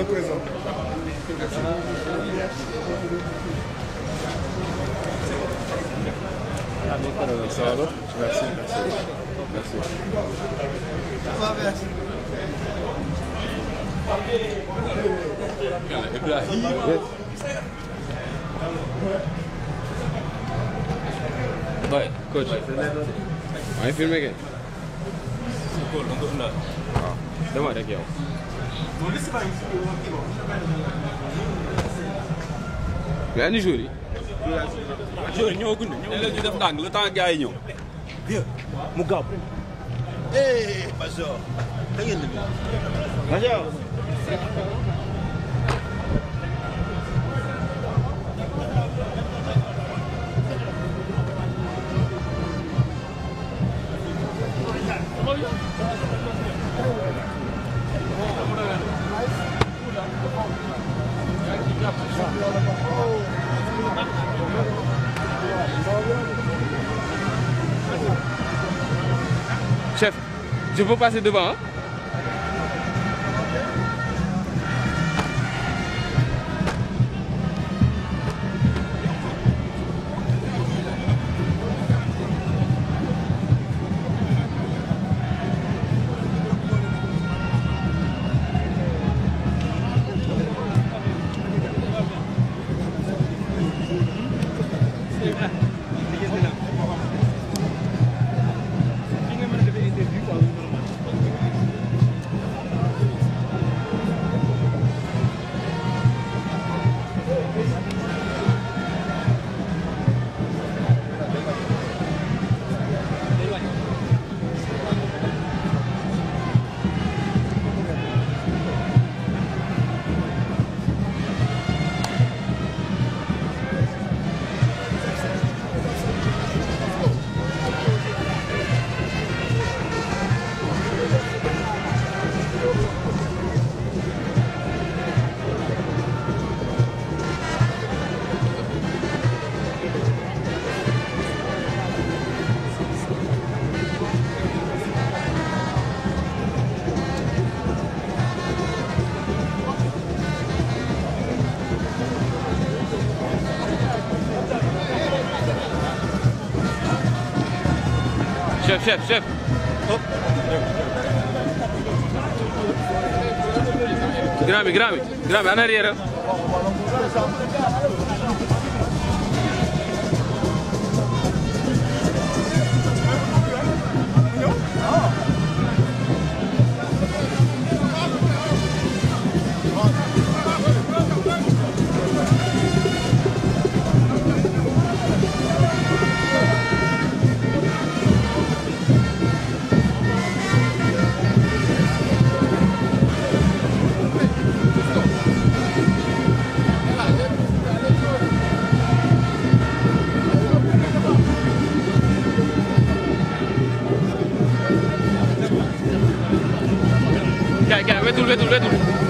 le président. Ça va Merci, merci. Merci. merci. Ibrahim. Ouais, coach. maa ngi filmé kay. waaw dama rek yow. mais ani jour yi. jour yi ñoo gudd ñoo ñu def ndànk le temps gars yi ñëw. vieux mu gaaw. eh Major. da Chef, je peux passer devant hein Thank you. Chef, chef, chef. Hop. Grand bi, grand bi, grand bi en arrière. wetul wetul wetul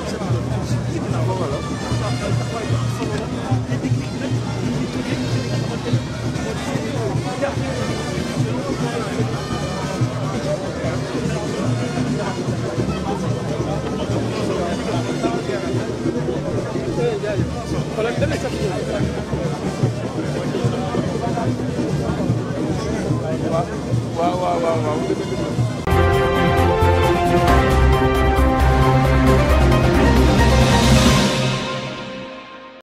waaw waaw